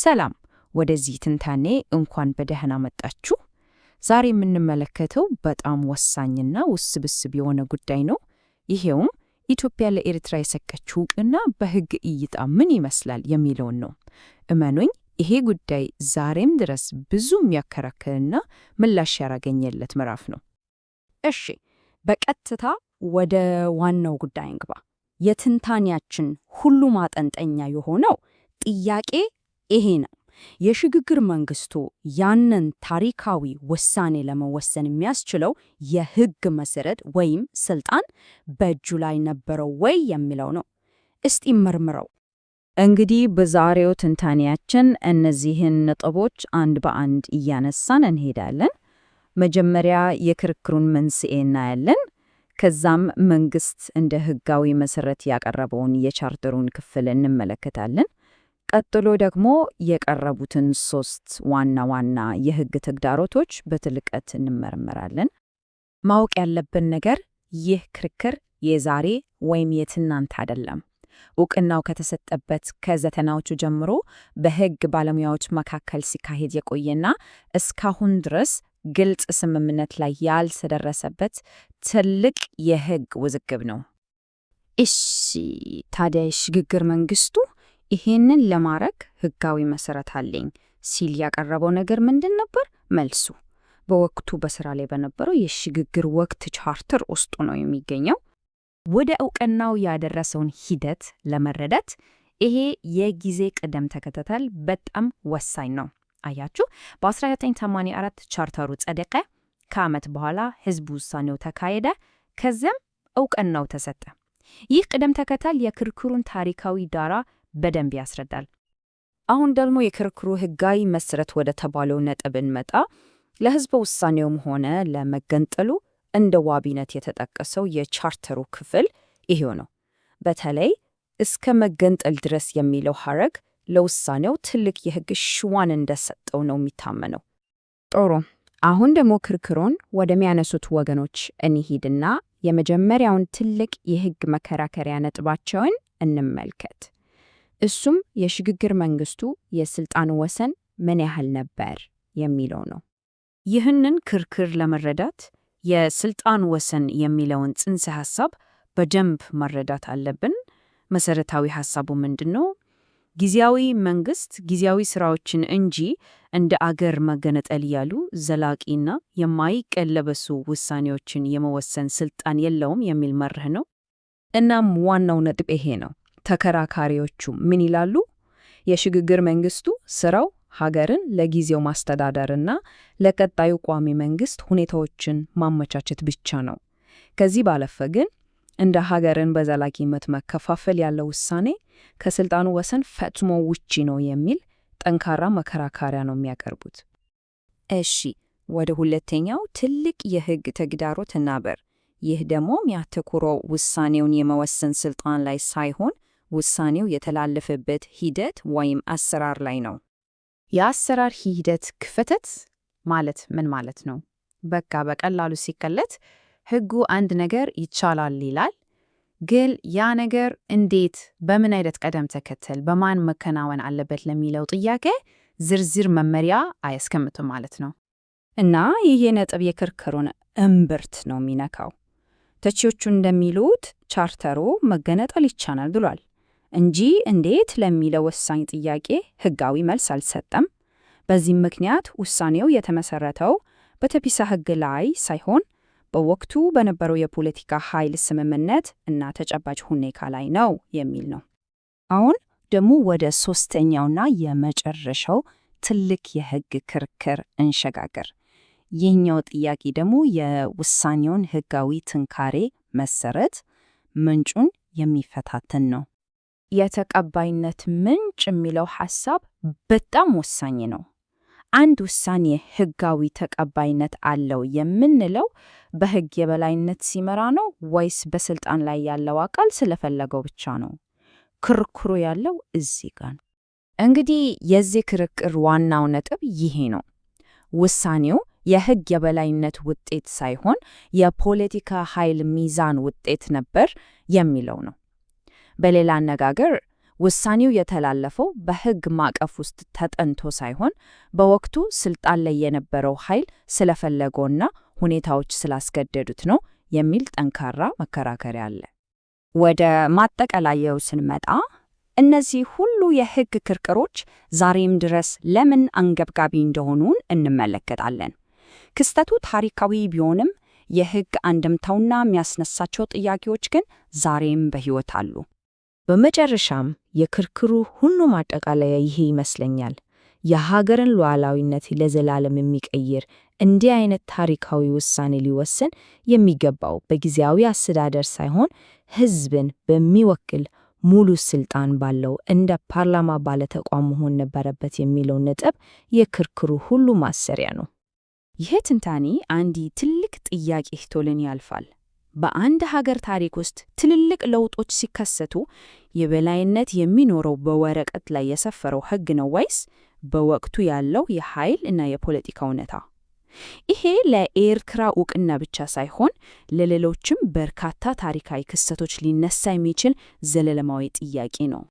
ሰላም፣ ወደዚህ ትንታኔ እንኳን በደህና መጣችሁ። ዛሬ የምንመለከተው በጣም ወሳኝና ውስብስብ የሆነ ጉዳይ ነው። ይሄውም ኢትዮጵያ ለኤርትራ የሰጠችው እውቅና በሕግ እይታ ምን ይመስላል የሚለውን ነው። እመኑኝ፣ ይሄ ጉዳይ ዛሬም ድረስ ብዙ የሚያከራክርና ምላሽ ያላገኘለት ምዕራፍ ነው። እሺ፣ በቀጥታ ወደ ዋናው ጉዳይ እንግባ። የትንታኔያችን ሁሉ ማጠንጠኛ የሆነው ጥያቄ ይሄ ነው የሽግግር መንግስቱ ያንን ታሪካዊ ውሳኔ ለመወሰን የሚያስችለው የህግ መሰረት ወይም ስልጣን በእጁ ላይ ነበረው ወይ የሚለው ነው። እስቲ መርምረው። እንግዲህ በዛሬው ትንታኔያችን እነዚህን ነጥቦች አንድ በአንድ እያነሳን እንሄዳለን። መጀመሪያ የክርክሩን መንስኤ እናያለን። ከዛም መንግስት እንደ ህጋዊ መሰረት ያቀረበውን የቻርተሩን ክፍል እንመለከታለን። ቀጥሎ ደግሞ የቀረቡትን ሶስት ዋና ዋና የህግ ተግዳሮቶች በጥልቀት እንመረምራለን። ማወቅ ያለብን ነገር ይህ ክርክር የዛሬ ወይም የትናንት አይደለም። እውቅናው ከተሰጠበት ከዘጠናዎቹ ጀምሮ በህግ ባለሙያዎች መካከል ሲካሄድ የቆየና እስካሁን ድረስ ግልጽ ስምምነት ላይ ያልተደረሰበት ትልቅ የህግ ውዝግብ ነው። እሺ ታዲያ የሽግግር መንግስቱ ይሄንን ለማድረግ ህጋዊ መሰረት አለኝ ሲል ያቀረበው ነገር ምንድን ነበር? መልሱ በወቅቱ በስራ ላይ በነበረው የሽግግር ወቅት ቻርተር ውስጡ ነው የሚገኘው። ወደ እውቅናው ያደረሰውን ሂደት ለመረዳት ይሄ የጊዜ ቅደም ተከተተል በጣም ወሳኝ ነው። አያችሁ፣ በ1984 ቻርተሩ ጸደቀ። ከዓመት በኋላ ህዝብ ውሳኔው ተካሄደ። ከዚያም እውቅናው ተሰጠ። ይህ ቅደም ተከተል የክርክሩን ታሪካዊ ዳራ በደንብ ያስረዳል። አሁን ደግሞ የክርክሩ ህጋዊ መሰረት ወደ ተባለው ነጥብ እንመጣ። ለህዝበ ውሳኔውም ሆነ ለመገንጠሉ እንደ ዋቢነት የተጠቀሰው የቻርተሩ ክፍል ይሄው ነው። በተለይ እስከ መገንጠል ድረስ የሚለው ሐረግ ለውሳኔው ትልቅ የህግ ሽዋን እንደሰጠው ነው የሚታመነው። ጥሩ። አሁን ደግሞ ክርክሩን ወደሚያነሱት ወገኖች እንሂድና የመጀመሪያውን ትልቅ የህግ መከራከሪያ ነጥባቸውን እንመልከት። እሱም የሽግግር መንግስቱ የስልጣን ወሰን ምን ያህል ነበር የሚለው ነው። ይህንን ክርክር ለመረዳት የስልጣን ወሰን የሚለውን ጽንሰ ሐሳብ በደንብ መረዳት አለብን። መሰረታዊ ሐሳቡ ምንድን ነው? ጊዜያዊ መንግስት ጊዜያዊ ስራዎችን እንጂ እንደ አገር መገነጠል ያሉ ዘላቂና የማይቀለበሱ ውሳኔዎችን የመወሰን ስልጣን የለውም የሚል መርህ ነው። እናም ዋናው ነጥብ ይሄ ነው። ተከራካሪዎቹ ምን ይላሉ? የሽግግር መንግስቱ ስራው ሀገርን ለጊዜው ማስተዳደርና ለቀጣዩ ቋሚ መንግስት ሁኔታዎችን ማመቻቸት ብቻ ነው። ከዚህ ባለፈ ግን እንደ ሀገርን በዘላቂነት መከፋፈል ያለው ውሳኔ ከስልጣኑ ወሰን ፈጽሞ ውጪ ነው የሚል ጠንካራ መከራከሪያ ነው የሚያቀርቡት። እሺ፣ ወደ ሁለተኛው ትልቅ የህግ ተግዳሮት እናበር። ይህ ደግሞ የሚያተኩረው ውሳኔውን የመወሰን ስልጣን ላይ ሳይሆን ውሳኔው የተላለፈበት ሂደት ወይም አሰራር ላይ ነው። የአሰራር ሂደት ክፍተት ማለት ምን ማለት ነው? በቃ በቀላሉ ሲቀለት ህጉ አንድ ነገር ይቻላል ይላል፣ ግን ያ ነገር እንዴት፣ በምን አይነት ቀደም ተከተል፣ በማን መከናወን አለበት ለሚለው ጥያቄ ዝርዝር መመሪያ አያስቀምጥም ማለት ነው። እና ይህ ነጥብ የክርክሩን እምብርት ነው የሚነካው። ተቺዎቹ እንደሚሉት ቻርተሩ መገነጠል ይቻላል ብሏል። እንጂ እንዴት ለሚለው ወሳኝ ጥያቄ ህጋዊ መልስ አልሰጠም። በዚህም ምክንያት ውሳኔው የተመሰረተው በተፒሳ ህግ ላይ ሳይሆን በወቅቱ በነበረው የፖለቲካ ኃይል ስምምነት እና ተጨባጭ ሁኔታ ላይ ነው የሚል ነው። አሁን ደግሞ ወደ ሶስተኛውና የመጨረሻው ትልቅ የህግ ክርክር እንሸጋገር። ይህኛው ጥያቄ ደግሞ የውሳኔውን ህጋዊ ትንካሬ መሰረት ምንጩን የሚፈታተን ነው። የተቀባይነት ምንጭ የሚለው ሐሳብ በጣም ወሳኝ ነው። አንድ ውሳኔ ህጋዊ ተቀባይነት አለው የምንለው በህግ የበላይነት ሲመራ ነው ወይስ በስልጣን ላይ ያለው አካል ስለፈለገው ብቻ ነው? ክርክሩ ያለው እዚህ ጋር ነው። እንግዲህ የዚህ ክርክር ዋናው ነጥብ ይሄ ነው። ውሳኔው የህግ የበላይነት ውጤት ሳይሆን የፖለቲካ ኃይል ሚዛን ውጤት ነበር የሚለው ነው። በሌላ አነጋገር ውሳኔው የተላለፈው በሕግ ማዕቀፍ ውስጥ ተጠንቶ ሳይሆን በወቅቱ ስልጣን ላይ የነበረው ኃይል ስለፈለገውና ሁኔታዎች ስላስገደዱት ነው የሚል ጠንካራ መከራከሪያ አለ። ወደ ማጠቃለያው ስንመጣ እነዚህ ሁሉ የሕግ ክርክሮች ዛሬም ድረስ ለምን አንገብጋቢ እንደሆኑን እንመለከታለን። ክስተቱ ታሪካዊ ቢሆንም የሕግ አንድምታውና የሚያስነሳቸው ጥያቄዎች ግን ዛሬም በሕይወት አሉ። በመጨረሻም የክርክሩ ሁሉ ማጠቃለያ ይሄ ይመስለኛል። የሀገርን ሉዓላዊነት ለዘላለም የሚቀይር እንዲህ አይነት ታሪካዊ ውሳኔ ሊወስን የሚገባው በጊዜያዊ አስተዳደር ሳይሆን ህዝብን በሚወክል ሙሉ ስልጣን ባለው እንደ ፓርላማ ባለተቋም መሆን ነበረበት የሚለው ነጥብ የክርክሩ ሁሉ ማሰሪያ ነው። ይህ ትንታኔ አንድ ትልቅ ጥያቄ ትቶልን ያልፋል። በአንድ ሀገር ታሪክ ውስጥ ትልልቅ ለውጦች ሲከሰቱ የበላይነት የሚኖረው በወረቀት ላይ የሰፈረው ሕግ ነው ወይስ በወቅቱ ያለው የኃይል እና የፖለቲካ እውነታ? ይሄ ለኤርትራ እውቅና ብቻ ሳይሆን ለሌሎችም በርካታ ታሪካዊ ክስተቶች ሊነሳ የሚችል ዘለለማዊ ጥያቄ ነው።